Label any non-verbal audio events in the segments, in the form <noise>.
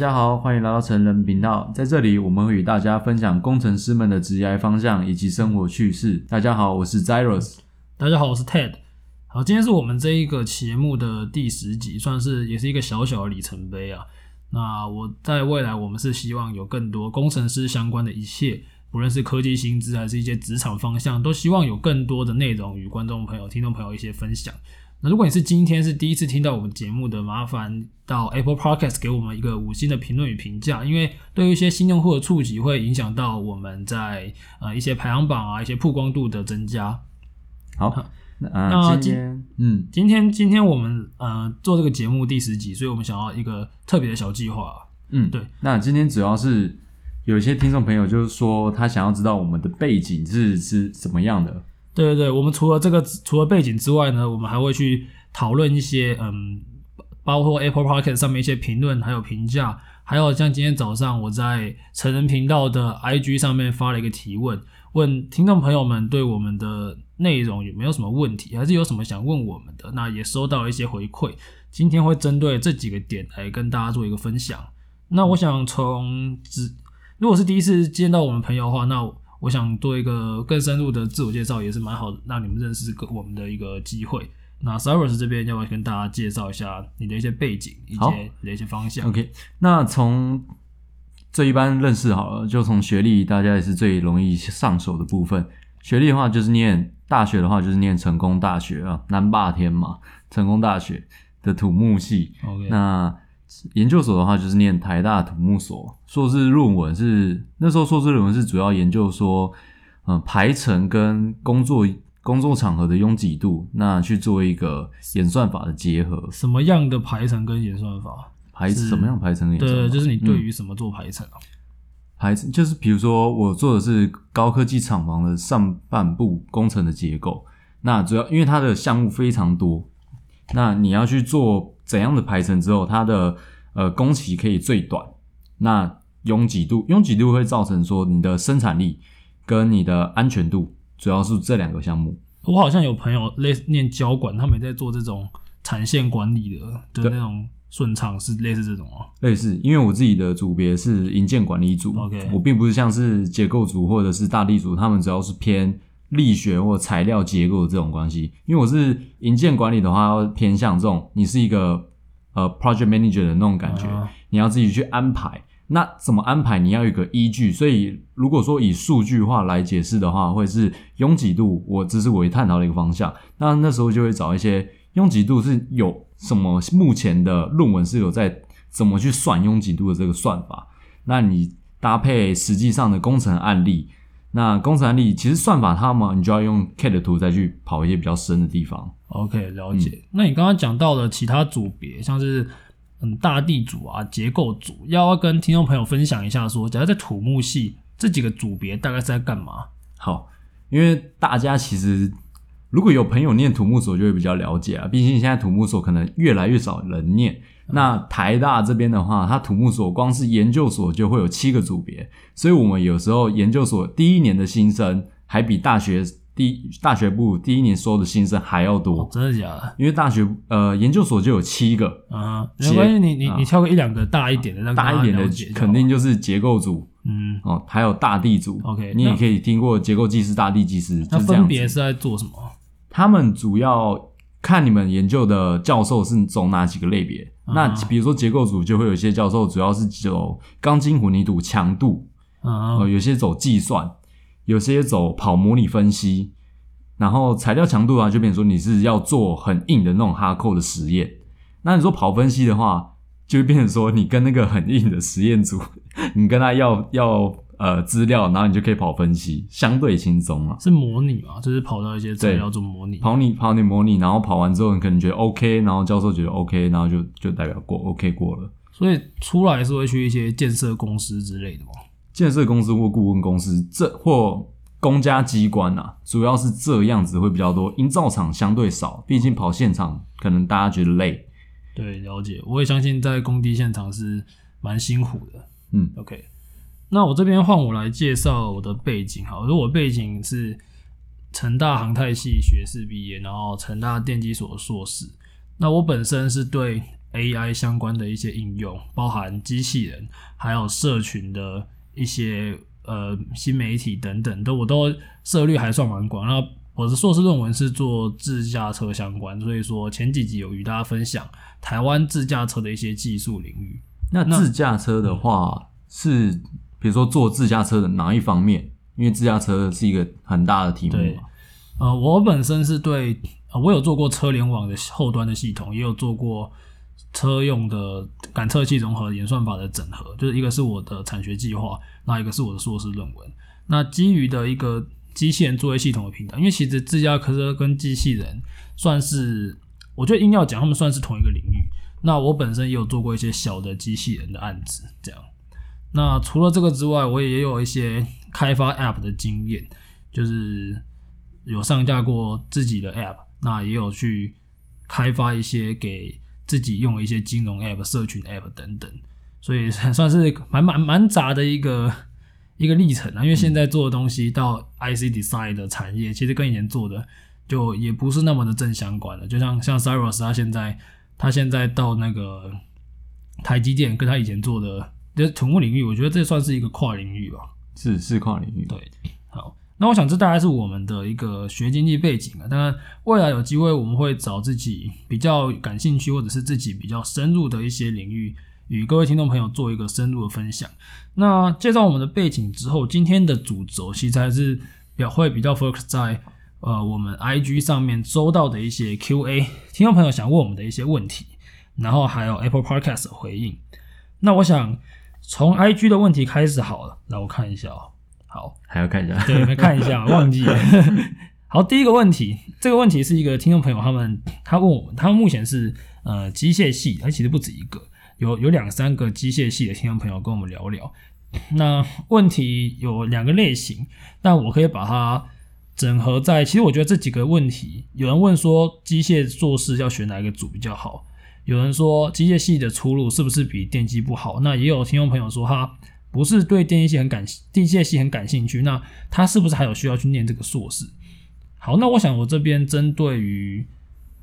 大家好，歡迎來到程人頻道。在這裡，我們會與大家分享工程師們的職業方向以及生活趣事。大家好，我是 Zaiross。大家好，我是 Ted。好，今天是我們這一個節目的第十集，算是也是一個小小的里程碑啊。那我在未來，我們是希望有更多工程師相關的一切，不論是科技薪資，還是一些職場方向，都希望有更多的內容與觀眾朋友、聽眾朋友一些分享。那如果你是今天是第一次聽到我們節目的，麻煩到 Apple Podcast 給我們一個五星的評論與評價，因為對於一些新用戶的觸及，會影響到我們在呃一些排行榜啊、一些曝光度的增加。好，那，啊，那今天，嗯，今天今天我們呃做這個節目第十集，所以我們想要一個特別的小計劃。嗯，對。那今天主要是有一些聽眾朋友就是說他想要知道我們的背景是是什麼樣的。對對對，我們除了這個，除了背景之外呢，我們還會去討論一些，嗯，包括 Apple Podcast 上面一些評論還有評價，還有像今天早上我在成人頻道的 IG 上面發了一個提問，問聽眾朋友們對我們的內容有沒有什麼問題，還是有什麼想問我們的，那也收到了一些回饋，今天會針對這幾個點來跟大家做一個分享。那我想從只如果是第一次見到我們朋友的話，那我。我想做一個更深入的自我介紹，也是蠻好的讓你們認識我們的一個機會。那 Zaiross 這邊要不要跟大家介紹一下你的一些背景以及一,好一些方向？OK，那從這一般認識好了，就從學歷，大家也是最容易上手的部分。學歷的話，就是念大學的話，就是念成功大學啊，南霸天嘛，成功大學的土木系。OK，那。研究所的話，就是念台大土木所，碩士論文是，是那時候碩士論文是主要研究說，嗯，排程跟工作工作場合的擁擠度，那去做一個演算法的結合。什麼樣的排程跟演算法？排是什麼樣排程演算法？對，就是你對於什麼做排程啊？嗯，排程就是比如說我做的是高科技廠房的上半部工程的結構，那主要因為它的項目非常多，那你要去做。怎樣的排程之後，它的呃工期可以最短？那擁擠度，擁擠度會造成說你的生產力跟你的安全度，主要是這兩個項目。我好像有朋友類似念交管，他們也在做這種產線管理的的那種順暢，是類似這種哦、喔。類似，因為我自己的組別是營建管理組，Okay. 我並不是像是結構組或者是大地組，他們主要是偏。力學或材料結構的這種關係，因為我是營建管理的話，偏向這種，你是一個呃 project manager 的那種感覺，你要自己去安排。那怎麼安排？你要有個依據。所以如果說以數據化來解釋的話，會是擁擠度。我只是我一探討的一個方向。那那時候就會找一些擁擠度是有什麼，目前的論文是有在怎麼去算擁擠度的這個算法，那你搭配實際上的工程的案例。那工程案例其實算法它嘛，你就要用 CAD 的圖再去跑一些比較深的地方。OK，了解。嗯、那你剛剛講到了其他組別，像是嗯大地組啊、結構組，要跟聽眾朋友分享一下說，說假如在土木系這幾個組別大概是在幹嘛？好，因為大家其實。如果有朋友念土木所，就會比較了解啊。畢竟現在土木所可能越來越少人念。那台大這邊的話，它土木所光是研究所就會有七個組別，所以我們有時候研究所第一年的新生還比大學第大學部第一年收的新生還要多，真的假的？因為大學呃研究所就有七個啊，沒關係，你你你挑個一兩個大一點的，那個大一點的肯定就是結構組，嗯哦，還有大地組。OK，你也可以聽過結構技師、大地技師，那分別是在做什麼？他們主要看你們研究的教授是走哪幾個類別？啊、那比如說，結構組就會有一些教授主要是走鋼筋混凝土強度、啊呃，有些走計算，有些走跑模擬分析。然後材料強度啊，就變成說你是要做很硬的那種哈扣的實驗。那你說跑分析的話，就變成說你跟那個很硬的實驗組，你跟他要要。呃，資料，然後你就可以跑分析，相對輕鬆了。是模擬嘛？就是跑到一些資料做模擬，跑你跑你模擬，然後跑完之後，你可能覺得 OK，然後教授覺得 OK，然後就就代表過 OK 過了。所以出來是會去一些建設公司之類的嗎？建設公司或顧問公司，這或公家機關吶、啊，主要是這樣子會比較多。營造廠相對少，畢竟跑現場可能大家覺得累。對，了解。我也相信在工地現場是蠻辛苦的。嗯，OK。那我這邊換我來介紹我的背景哈，如果背景是成大航太系學士畢業，然後成大電機所的碩士。那我本身是對 AI 相關的一些應用，包含機器人，還有社群的一些呃新媒體等等都我都涉獵還算蠻廣。那我的碩士論文是做自駕車相關，所以說前幾集有與大家分享台灣自駕車的一些技術領域。那自駕車的話是那。嗯比如說做自駕車的哪一方面？因為自駕車是一個很大的題目。呃，我本身是對，呃，我有做過車聯網的後端的系統，也有做過車用的感測器融合演算法的整合，就是一個是我的產學計劃，那一個是我的碩士論文。那基於的一個機器人作業系統的平台，因為其實自駕車跟機器人算是，我覺得硬要講，他們算是同一個領域。那我本身也有做過一些小的機器人的案子，這樣。那除了這個之外，我也有一些開發 App 的經驗，就是有上架過自己的 App，那也有去開發一些給自己用的一些金融 App、社群 App 等等，所以算是蠻蠻蠻雜的一個一個歷程啊。因為現在做的東西到 IC Design 的產業，嗯、其實跟以前做的就也不是那麼的正相關了。就像像 Zaiross 他現在他現在到那個台積電，跟他以前做的。的土木領域，我覺得這算是一個跨領域吧，是是跨領域。對，好，那我想這大概是我們的一個學經歷背景啊。當然，未來有機會我們會找自己比較感興趣或者是自己比較深入的一些領域，與各位聽眾朋友做一個深入的分享。那介紹我們的背景之後，今天的主軸其實還是表會比較 focus 在呃我們 IG 上面收到的一些 QA，聽眾朋友想問我們的一些問題，然後還有 Apple Podcast 的回應。那我想。從 IG 的問題開始好了，那我看一下哦。好，還要看一下。對，看一下，忘記了。 <laughs> 好，第一個問題，這個問題是一個聽眾朋友他們他問我們，他目前是呃機械系，他其實不止一個，有有兩三個機械系的聽眾朋友跟我們聊聊。 <laughs> 那問題有兩個類型，但我可以把它整合在。其實我覺得這幾個問題，有人問說機械碩士要選哪一個組比較好。有人說機械系的出路是不是比電機不好？那也有聽眾朋友說他不是對電機系很感機械系很感興趣，那他是不是還有需要去念這個碩士？好，那我想我這邊針對於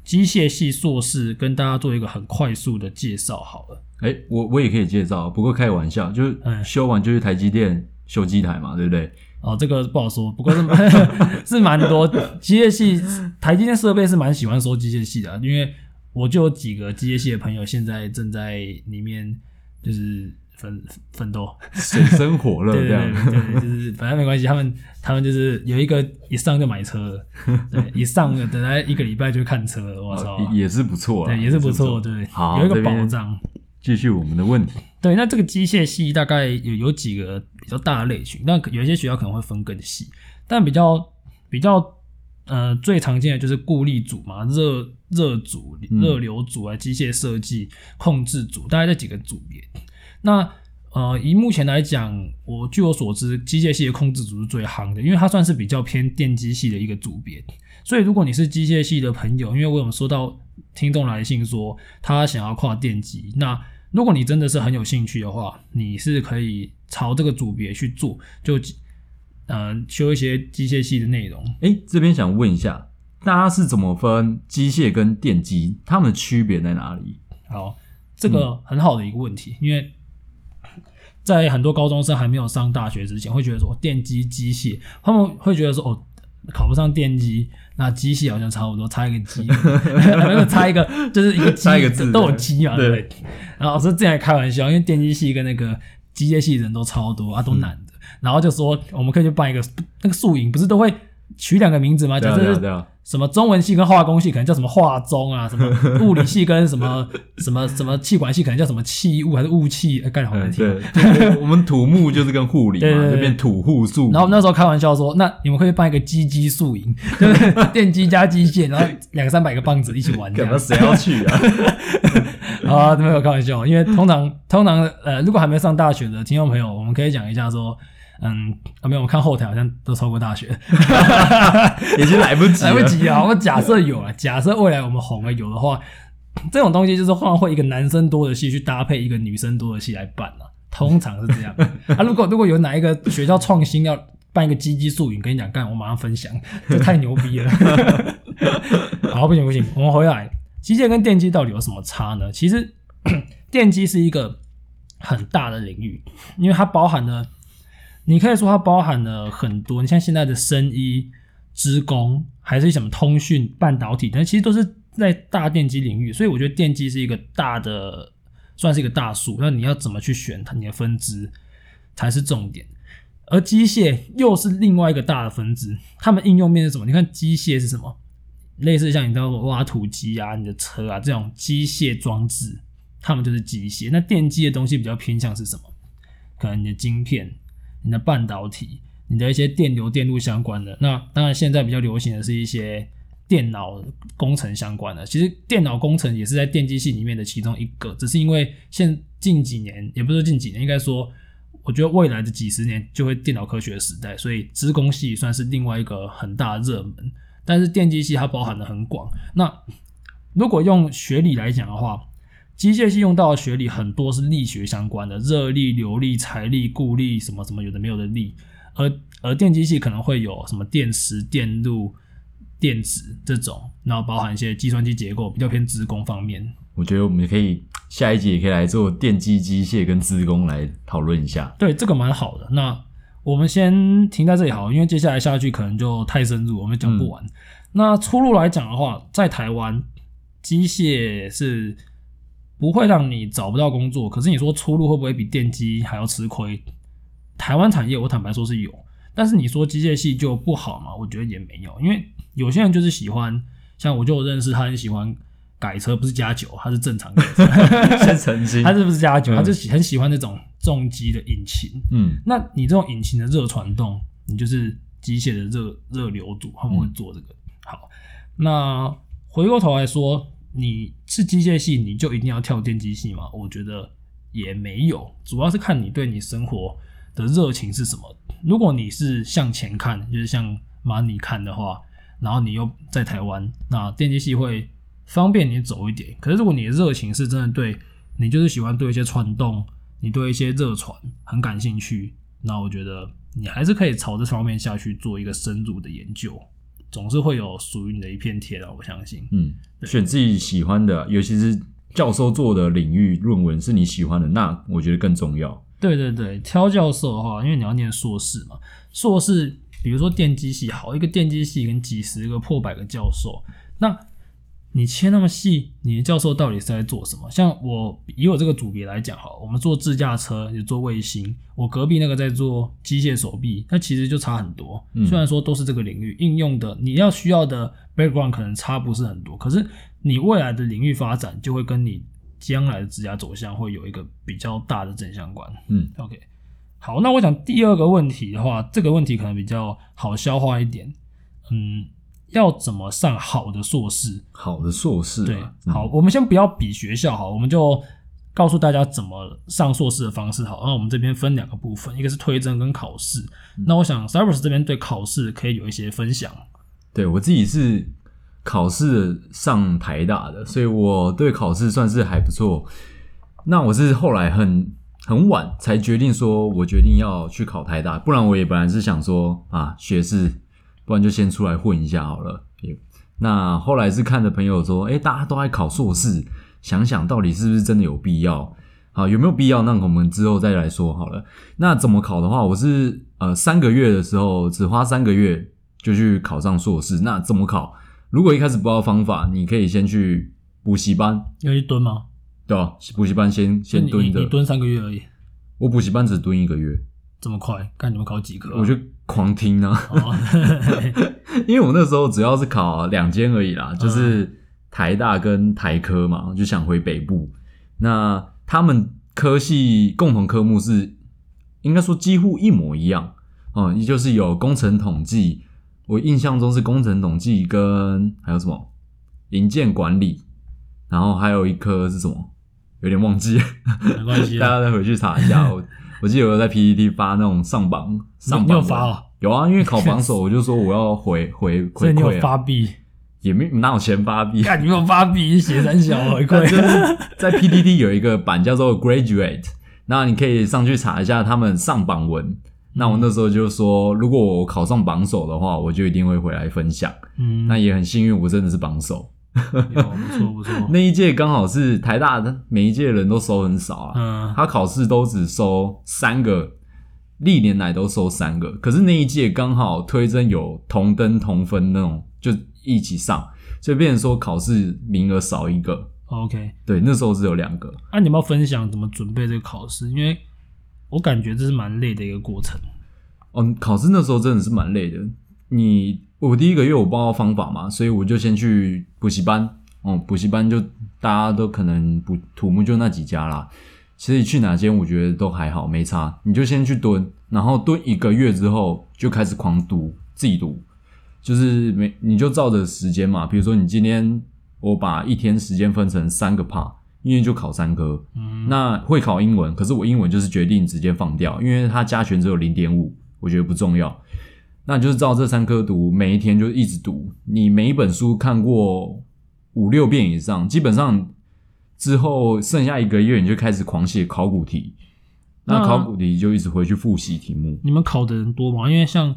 機械系碩士跟大家做一個很快速的介紹好了。哎、欸，我我也可以介紹，不過開玩笑，就是修完就去台積電修機台嘛，對不對、嗯？哦，這個不好說，不過是蠻 <laughs> 多機械系台積電設備是蠻喜歡收機械系的，啊，因為。我就有幾個機械系的朋友，現在正在裡面就是奮奮鬥，水深火熱這樣，對，就是反正沒關係，他們他們就是有一個一上就買車，對，一上等待一個禮拜就看車，我操，也是不錯，對，也是不錯，對，有一個保障。繼續我們的問題。對，那這個機械系大概有有幾個比較大的類群，那有些學校可能會分更細，但比較比較。呃，最常見的就是固力組嘛，熱熱組、熱流組啊，機械設計、控制組，嗯、大概這幾個組別。那呃，以目前來講，我據我所知，機械系的控制組是最夯的，因為它算是比較偏電機系的一個組別。所以如果你是機械系的朋友，因為我有收到聽眾來信說他想要跨電機，那如果你真的是很有興趣的話，你是可以朝這個組別去做，就。呃，修一些機械系的內容。誒、欸，這邊想問一下，大家是怎麼分機械跟電機？它們的區別在哪裡？好，這個很好的一個問題，嗯、因為在很多高中生還沒有上大學之前，會覺得說電機、機械，他們會覺得說哦，考不上電機，那機械好像差不多，差一個機，沒有 <laughs> <laughs> 差一個，就是一個機，個都有機啊。對。對然後老師這樣開玩笑，因為電機系跟那個機械系人都超多啊，都難。嗯然後就說我們可以去辦一個那個宿營，不是都會取兩個名字嗎？就是、啊啊啊、什麼中文系跟化工系，可能叫什麼化中啊？什麼物理系跟什麼 <laughs> 什麼什麼氣管系，可能叫什麼氣物還是物氣？哎，蓋了好難聽。嗯、對，對我們土木就是跟護理嘛，對對對就變土護術。然後那時候開玩笑說，那你們可以辦一個機機宿營，就是電機加機械， <laughs> 然後兩三百個棒子一起玩。什麼？誰要去啊？ <laughs> 啊，都沒有開玩笑，因為通常通常呃，如果還沒上大學的聽眾朋友，我們可以講一下說。嗯，啊、沒有，我看後台好像都超過大學， <laughs> <laughs> 已經來不及了，來不及啊！我假設有啊，假設未來我們紅了有的話，這種東西就是換會一個男生多的戲去搭配一個女生多的戲來辦啊，通常是這樣 <laughs> 啊。如果如果有哪一個學校創新要辦一個積極素語跟你講，幹，我馬上分享，這太牛逼了。 <laughs> 好，不行不行，我們回來，機械跟電機到底有什麼差呢？其實 <coughs> 電機是一個很大的領域，因為它包含了。你可以說它包含了很多，你像現在的生醫、資工，還是什麼通訊、半導體，但其實都是在大電機領域。所以我覺得電機是一個大的，算是一個大樹。那你要怎麼去選它？你的分支才是重點。而機械又是另外一個大的分支，它們應用面是什麼？你看機械是什麼？類似像你知道挖土機啊、你的車啊這種機械裝置，它們就是機械。那電機的東西比較偏向是什麼？可能你的晶片。你的半導體，你的一些電流電路相關的，那當然現在比較流行的是一些電腦工程相關的。其實電腦工程也是在電機系裡面的其中一個，只是因為現近幾年，也不是近幾年，應該說，我覺得未來的幾十年就會電腦科學時代，所以資工系算是另外一個很大熱門。但是電機系它包含的很廣，那如果用學歷來講的話。機械系用到的學理很多是力學相關的，熱力、流力、材力、固力，什麼什麼有的沒有的力，而而電機系可能會有什麼電池、電路、電子這種，然後包含一些計算機結構，比較偏資工方面。我覺得我們可以下一集也可以來做電機、機械跟資工來討論一下。對，這個蠻好的。那我們先停在這裡好了，因為接下來下去可能就太深入，我們講不完。嗯、那出路來講的話，在台灣，機械是。不會讓你找不到工作，可是你說出路會不會比電機還要吃虧？台灣產業我坦白說是有，但是你說機械系就不好嗎？我覺得也沒有，因為有些人就是喜歡，像我就認識他，很喜歡改車，不是加酒，他是正常改車。哈哈哈。 <laughs> 他是不是加酒？他就喜很喜歡這種重機的引擎。嗯，那你這種引擎的熱傳動，你就是機械的熱熱流組，他們會做這個。嗯、好，那回過頭來說。你是機械系，你就一定要跳電機系嗎？我覺得也沒有，主要是看你對你生活的熱情是什麼。如果你是向前看，就是向 Money 看的話，然後你又在台灣，那電機系會方便你走一點。可是如果你的熱情是真的對，對你就是喜歡對一些傳動，你對一些熱傳很感興趣，那我覺得你還是可以朝這方面下去做一個深入的研究。總是會有屬於你的一片天的、啊，我相信。嗯，對選自己喜歡的，尤其是教授做的領域論文是你喜歡的，那我覺得更重要。對對對，挑教授的話，因為你要念碩士嘛，碩士比如說電機系，好一個電機系，跟幾十個、破百個教授，那。你切那麼細，你的教授到底是在做什麼？像我以我這個組別來講，哈，我們做自駕車，也做衛星。我隔壁那個在做機械手臂，那其實就差很多。嗯、雖然說都是這個領域應用的，你要需要的 background 可能差不是很多，可是你未來的領域發展就會跟你將來的職業走向會有一個比較大的正相關。嗯，OK，好，那我想第二個問題的話，這個問題可能比較好消化一點。嗯。要怎麼上好的碩士？好的碩士、啊，對，嗯、好，我們先不要比學校，好，我們就告訴大家怎麼上碩士的方式好，好。那我們這邊分兩個部分，一個是推甄跟考試。嗯、那我想 Zaiross 這邊對考試可以有一些分享。對我自己是考試上台大的，所以我對考試算是還不錯。那我是後來很很晚才決定說，我決定要去考台大，不然我也本來是想說啊，學士。不然就先出來混一下好了。Yeah. 那後來是看的朋友說，誒，大家都愛考碩士，想想到底是不是真的有必要？好，有沒有必要？那我們之後再來說好了。那怎麼考的話，我是呃三個月的時候，只花三個月就去考上碩士。那怎麼考？如果一開始不知道方法，你可以先去補習班，要去蹲嗎？對啊，補習班先先蹲着你，你蹲三個月而已。我補習班只蹲一個月，這麼快？看你們考幾科啊？我就。狂聽啊 <laughs> 因為我那時候主要是考兩間而已啦，就是台大跟台科嘛，我就想回北部。那他們科系共同科目是，應該說幾乎一模一樣哦，也就是有工程統計，我印象中是工程統計跟還有什麼營建管理，然後還有一科是什麼，有點忘記，沒關係， <laughs> 大家再回去查一下 <laughs> 我記得我在 PTT 發那種上榜，上榜文沒有發啊，有啊，因為考榜首，我就說我要回 <laughs> 回回饋啊。有發也沒哪有錢發幣，看你沒有發幣寫三小回饋。在 PTT 有一個版叫做 Graduate，那你可以上去查一下他們上榜文。嗯、那我那時候就說，如果我考上榜首的話，我就一定會回來分享。嗯，那也很幸運，我真的是榜首。不錯 <laughs> 不錯，不錯 <laughs> 那一屆剛好是台大的每一屆人都收很少啊，嗯、他考試都只收三個，歷年來都收三個，可是那一屆剛好推甄有同登同分那種，就一起上，所以變成說考試名額少一個。OK，對，那時候只有兩個。那、啊、你要，要分享怎麼準備這個考試？因為我感覺這是蠻累的一個過程。哦，考試那時候真的是蠻累的。你。我第一個月我不知道方法嘛，所以我就先去補習班，哦、嗯，補習班就大家都可能補土木就那幾家啦。其實去哪間我覺得都還好，沒差，你就先去蹲，然後蹲一個月之後就開始狂讀自己讀，就是沒你就照着時間嘛，比如說你今天我把一天時間分成三個 part，因為就考三科，嗯、那會考英文，可是我英文就是決定直接放掉，因為它加權只有零點五，我覺得不重要。那就是照這三科讀，每一天就一直讀，你每一本書看過五六遍以上，基本上之後剩下一個月你就開始狂寫考古題，那,那考古題就一直回去複習題目。你們考的人多嗎？因為像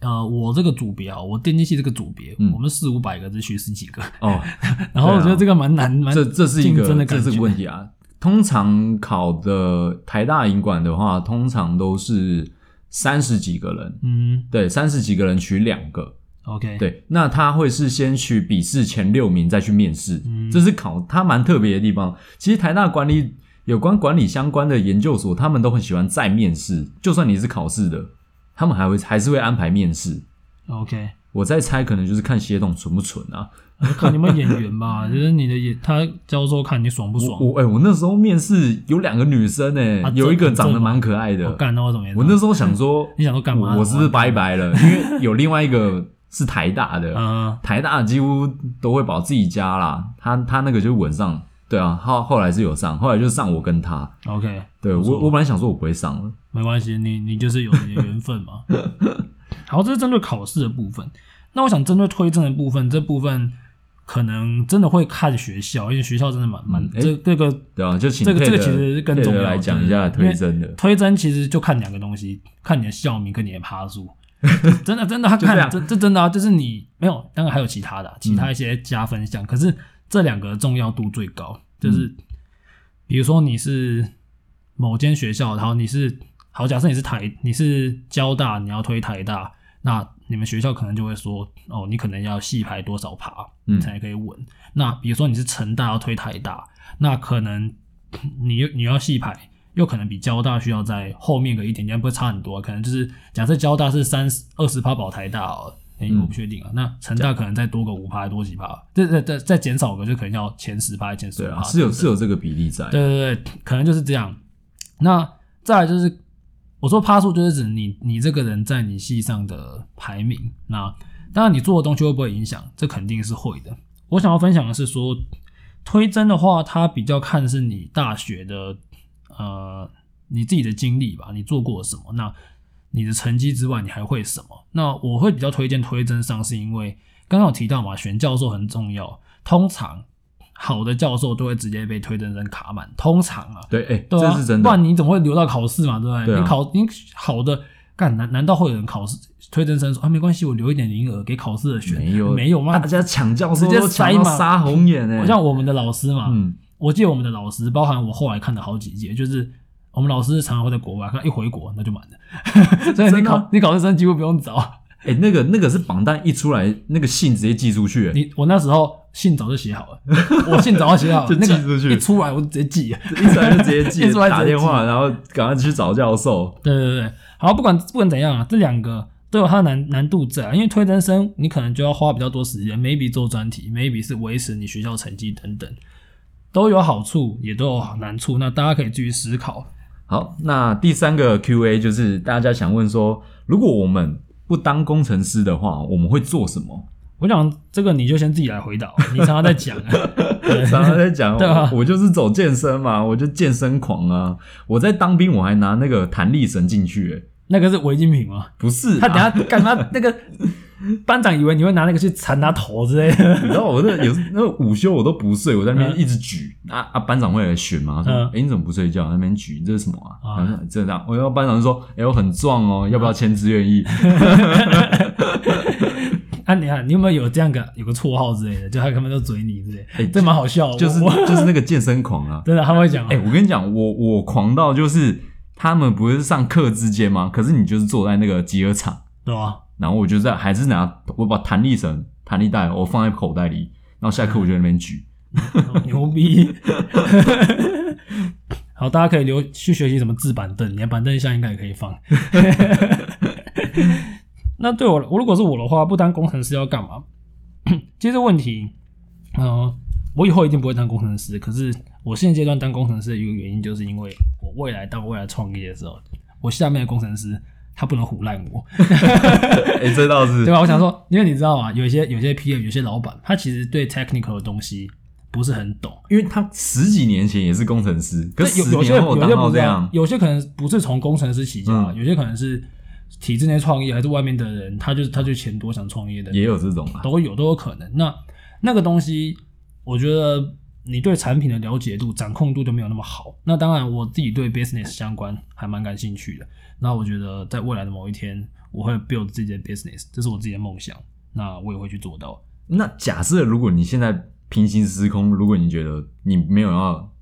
呃我這個組別、啊，我電機系這個組別，嗯、我們四五百個只學十幾個哦，啊、 <laughs> 然後我覺得這個蠻難，這這是一個這是個問題啊。通常考的台大營管的話，通常都是。三十幾個人，嗯，對，三十幾個人取兩個，OK，對，那他會是先取筆試前六名再去面試，嗯，這是考他蠻特別的地方。其實台大管理、有關管理相關的研究所，他們都很喜歡再面試，就算你是考試的，他們還會還是會安排面試，OK。我在猜，可能就是看血統純不純啊？看你們演員吧，就是你的演，他教授看你爽不爽？我哎，我那時候面試有兩個女生誒，有一個長得蠻可愛的。我幹到我怎麼？我那時候想說，你想說幹嘛？我是不是拜拜了，因為有另外一個是台大的，嗯，台大幾乎都會保自己家啦。他他那個就穩上，對啊，後後來是有上，後來就上我跟他。OK，對，我我本來想說我不會上了，沒關係，你你就是有緣分嘛。好，這是針對考試的部分。那我想針對推甄的部分，這部分可能真的會看學校，因為學校真的蠻蠻、欸、這這個、啊、這個這個其實是更重要，來講一下推甄的，推甄其實就看兩個東西，看你的校名跟你的趴數， <laughs> 真的真的，他看、啊、這這真的啊，就是你沒有，當然還有其他的、啊嗯、其他一些加分項，可是這兩個重要度最高，就是、嗯、比如說你是某間學校，然後你是好，假設你是台，你是交大，你要推台大。那你們學校，可能就會說，哦，你可能要細排多少趴，嗯，才可以穩。嗯、那比如說你是成大要推台大，那可能你你要細排，又可能比交大需要在後面個一點點，不會差很多。可能就是假設交大是三十二十趴保台大哦，誒、欸、我不確定啊。嗯、那成大可能再多個五趴多幾趴，再再再再減少個，就可能要前十趴前十趴。對啊，是有是有這個比例在。對對對，可能就是這樣。那再來就是。我說趴數就是指你你這個人在你系上的排名。那當然你做的東西會不會影響？這肯定是會的。我想要分享的是說，推甄的話，它比較看是你大學的呃你自己的經歷吧，你做過什麼？那你的成績之外，你還會什麼？那我會比較推薦推甄上，是因為剛剛有提到嘛，選教授很重要。通常好的教授都會直接被推甄生卡滿，通常啊，對，哎、欸，啊、這是真的，不然你怎麼會留到考試嘛？對不對？對啊、你考你好的幹難難道會有人考試推甄生說啊沒關係，我留一點名額給考試的選，沒沒有嘛，有大家搶教授都 直接塞滿，殺紅眼哎！像我們的老師嘛，嗯，我記得我們的老師，包含我後來看的好幾屆，就是我們老師常常會在國外，他一回國那就滿了， <laughs> 所以你考的你考試生幾乎不用找。哎、欸，那個那個是榜單一出來，那個信直接寄出去。你我那時候信早就寫好了， <laughs> 我信早就寫好了，就寄出去。一出來我就直接寄，一出來就直接寄， <laughs> 一出來就寄，打電話， <laughs> 然後趕快去找教授。對對對，好，不管不管怎樣啊，這兩個都有它難難度在、啊，因為推甄生你可能就要花比較多時間，maybe 做專題，maybe 是維持你學校成績等等，都有好處，也都有難處，那大家可以繼續思考。好，那第三個 Q&A 就是大家想問說，如果我們不當工程師的話，我們會做什麼？我想這個你就先自己來回答、喔。你常常在講、啊， <laughs> 對 常常在講、喔，對吧我就是走健身嘛、啊，我就健身狂啊。我在當兵，我還拿那個彈力繩進去、欸，那個是違禁品嗎？不是、啊，他等下幹嘛那個？ <laughs> 班長以為你會拿那個去纏他頭之類的。你知道我那有時候，那午休我都不睡，我在那邊一直舉啊啊！班長會來選嗎？他說哎，你怎麼不睡覺？在那邊舉這是什麼啊？啊，這樣。然後班長說哎，我很壯哦，要不要簽志願役？哈哈哈哈哈！啊，你看，你有沒有有這樣個有個綽號之類的？就他可能就嘴你，對不對？這蠻好笑，就是就是那個健身狂啊！真的，他會講。哎，我跟你講，我我狂到就是他們不是上課之間嗎？可是你就是坐在那個集合場，對嗎？然後我就在，還是拿我把彈力繩、彈力帶，我、哦、放在口袋裡。然後下課我就在那邊舉，嗯哦、牛逼！ <laughs> <laughs> 好，大家可以留去學習什麼自板凳，連板凳下應該也可以放。 <laughs> <laughs> <laughs> 那對我，我如果是我的話，不當工程師要幹嘛？ <coughs> 其實問題、嗯，我以後一定不會當工程師。可是我現階段當工程師的一個原因，就是因為我未來到未來創業的時候，我下面的工程師。他不能唬爛我、 <laughs> 欸，這倒是 <laughs> 對吧，啊？我想說，因為你知道啊，有些、有些 PM、有些老闆，他其實對 technical 的東西不是很懂，因為他十幾年前也是工程師。可是有些有些不這樣，有些可能不是從工程師起家，嗯、有些可能是體制內創業，還是外面的人，他就他就錢多想創業的，也有這種，都有都有可能。那那個東西，我覺得。你對產品的了解度、掌控度就沒有那麼好。那當然，我自己對 business 相關還蠻感興趣的。那我覺得，在未來的某一天，我會 build 自己的 business，這是我自己的夢想。那我也會去做到。那假設如果你現在平行時空，如果你覺得你沒有要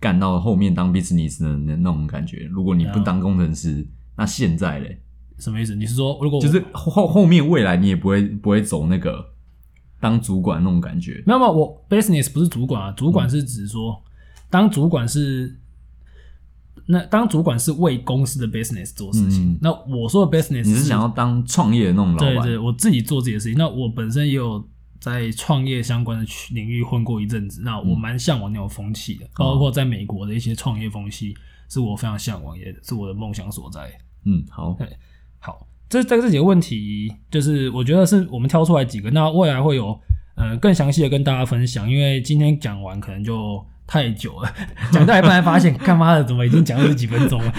幹到後面當 business 的那種感覺，如果你不當工程師，啊、那現在嘞，什麼意思？你是說，如果就是後後面未來你也不會不會走那個？當主管那種感覺，沒有沒有，我 business 不是主管啊，主管是指說、嗯、當主管是那當主管是為公司的 business 做事情。嗯、那我說的 business，你是想要當創業的那種老闆？對，對對，我自己做自己的事情。那我本身也有在創業相關的領域混過一陣子，那我蠻向往那種風氣的，嗯、包括在美國的一些創業風氣，是我非常向往的，也是我的夢想所在。嗯，好，好。這這這幾個問題，就是我覺得是我們挑出來幾個，那未來會有呃更詳細的跟大家分享，因為今天講完可能就太久了，講到一半才發現，幹嘛 <laughs> 的怎麼已經講了十幾分鐘了，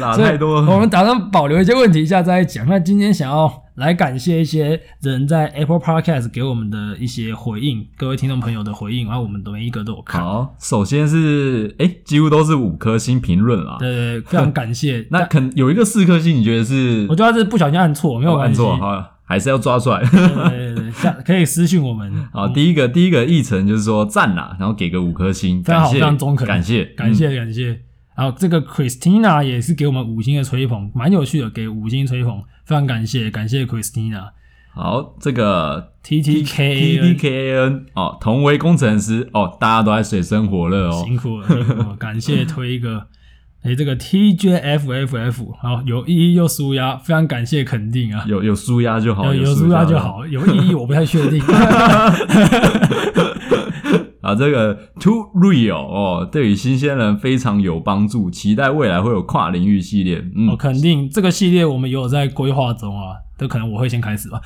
拉 <laughs> 太多了，我們打算保留一些問題，一下再講。那今天想要。來感謝一些人在 Apple Podcast 給我們的一些回應，各位聽眾朋友的回應，然後我們每一個都有看。好，首先是哎、欸，幾乎都是五顆星評論啊。對，對對，非常感謝。 <laughs> 那肯有一個四顆星，你覺得是？我覺得是不小心按錯，沒有按錯。好，還是要抓出來。 <laughs> 對，對對對，這樣可以私訊我們。好，第一個第一個議程就是說讚啦，然後給個五顆星，非常好，非常中肯，感謝感謝感謝。好，這個 Christina 也是給我們五星的吹捧，蠻有趣的，給五星吹捧，非常感謝，感謝 Christina。好，這個 TTKAN，哦，同為工程師，哦，大家都在水深火熱哦、嗯嗯，辛苦了，呵呵，感謝推哥。誒、 <laughs> 哎、這個 TJFFF，好有意義又舒壓，非常感謝，肯定啊，有有舒壓就好，有舒壓就好，有意義我不太確定。 <laughs> <laughs> <laughs> 啊，這個 Too Real 哦，對於新鮮人非常有幫助，期待未來會有跨領域系列。嗯，哦、肯定這個系列我們有在規劃中啊，但可能我會先開始吧。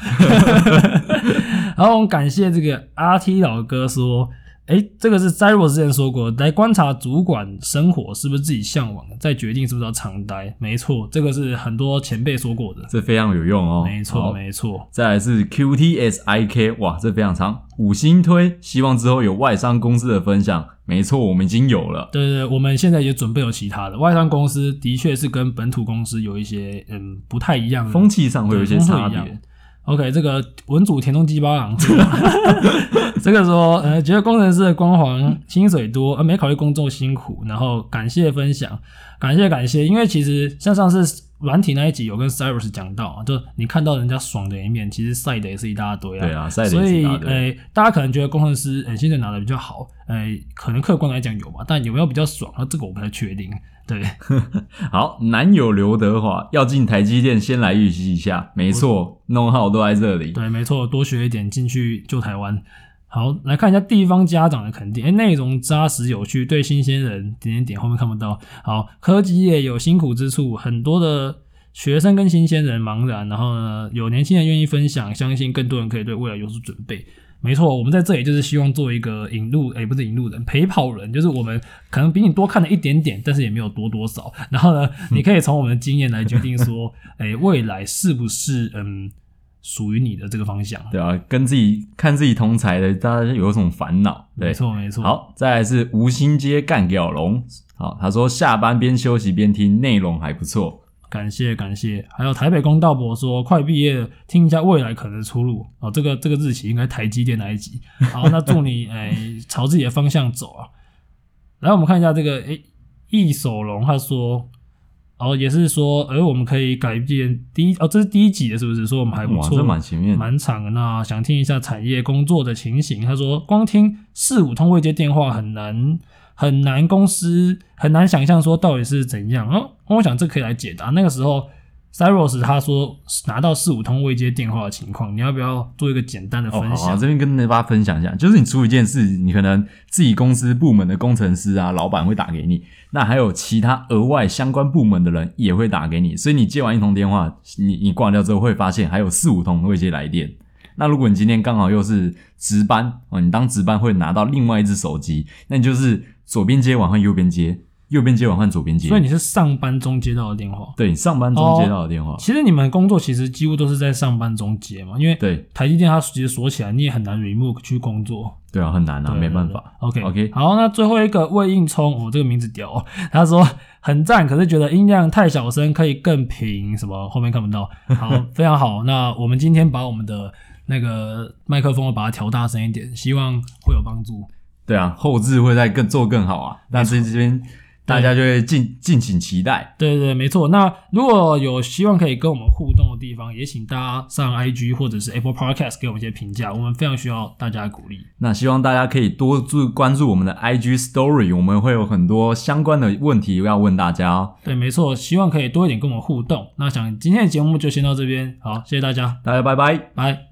<laughs> <laughs> 然後我們感謝這個 RT 老哥說。哎，這個是 Zaiross 之前說過，來觀察主管生活是不是自己嚮往，再決定是不是要常待。沒錯，這個是很多前輩說過的，這非常有用哦。沒錯，好沒錯。再來是 QTSIK，哇，這非常長，五星推，希望之後有外商公司的分享。沒錯，我們已經有了。對，對對，我們現在也準備有其他的，外商公司的確是跟本土公司有一些嗯不太一樣的，風氣上會有一些差別。OK，這個文組田中基八郎，啊、 <laughs> <laughs> 這個說呃，覺得工程師的光環薪水多，呃，沒考慮工作辛苦。然後感謝分享，感謝感謝，因為其實像上次軟體那一集有跟 Cyrus 講到、啊，就你看到人家爽的一面，其實曬的也是一大堆啊。對啊，曬的也是大堆。所以呃，大家可能覺得工程師呃現在拿的比較好，呃，可能客觀來講有吧，但有沒有比較爽，那、啊、這個我不太確定。對， <laughs> 好，男友劉德華要進台積電，先來預習一下。沒錯，know-how< 我>都在這裡。對，沒錯，多學一點進去救台灣。好，來看一下地方家長的肯定，誒、欸、內容扎實有趣，對新鮮人點點點，後面看不到。好，科技業有辛苦之處，很多的學生跟新鮮人茫然，然後呢，有年輕人願意分享，相信更多人可以對未來有所準備。沒錯，我們在這裡就是希望做一個引路，誒、欸、不是引路人，陪跑人，就是我們可能比你多看了一點點，但是也沒有多多少。然後呢，你可以從我們的經驗來決定說，誒、欸、未來是不是嗯屬於你的這個方向。對啊，跟自己看自己同才的，大家有一種煩惱。沒錯，沒錯。好，再來是無心街干雕龍，好，他說下班邊休息邊聽，內容還不錯。感謝感謝，還有台北公道博說快畢業了，聽一下未來可能的出路哦。這個這個日期應該台積電那一集。好，那祝你、 <laughs> 哎、朝自己的方向走啊。來，我們看一下這個誒易守龍，他說哦也是說，哎我們可以改變第一哦，這是第一集的，是不是？說我們還不錯，這蠻前面蠻長的。那、啊、想聽一下產業工作的情形，他說光聽四五通未接電話很難。很難，公司很難想象說到底是怎樣、啊。那、哦、我想這可以來解答。那個時候，Zaiross 他說拿到四五通未接電話的情況，你要不要做一個簡單的分享？哦、好好這邊跟大家分享一下，就是你出一件事，你可能自己公司部門的工程師啊、老板會打給你，那還有其他額外相關部門的人也會打給你，所以你接完一通電話，你你掛掉之後會發現還有四五通未接來電。那如果你今天剛好又是值班哦，你當值班會拿到另外一只手機，那你就是。左邊接完換右邊接，右邊接完換左邊接。所以你是上班中接到的電話？對，上班中接到的電話。Oh, 其實你們工作其實幾乎都是在上班中接嘛，因為對台積電它其實鎖起來你也很難 remote 去工作。對啊，很難啊，對對對，沒辦法。OK OK，okay. 好，那最後一個魏應聰，我、哦、這個名字屌、喔，他說很讚，可是覺得音量太小聲，可以更平。什麼後面看不到？好， <laughs> 非常好。那我們今天把我們的那個麥克風，我把它調大聲一點，希望會有幫助。對啊，後製會再更做更好啊！那所錯這邊大家就會盡對敬請期待。對對對，沒錯。那如果有希望可以跟我們互動的地方，也請大家上 IG 或者是 Apple Podcast 給我們一些評價，我們非常需要大家的鼓勵。那希望大家可以多注關注我們的 IG Story，我們會有很多相關的問題要問大家哦。對，沒錯，希望可以多一點跟我們互動。那想今天的節目就先到這邊，好，謝謝大家，大家拜拜，拜拜。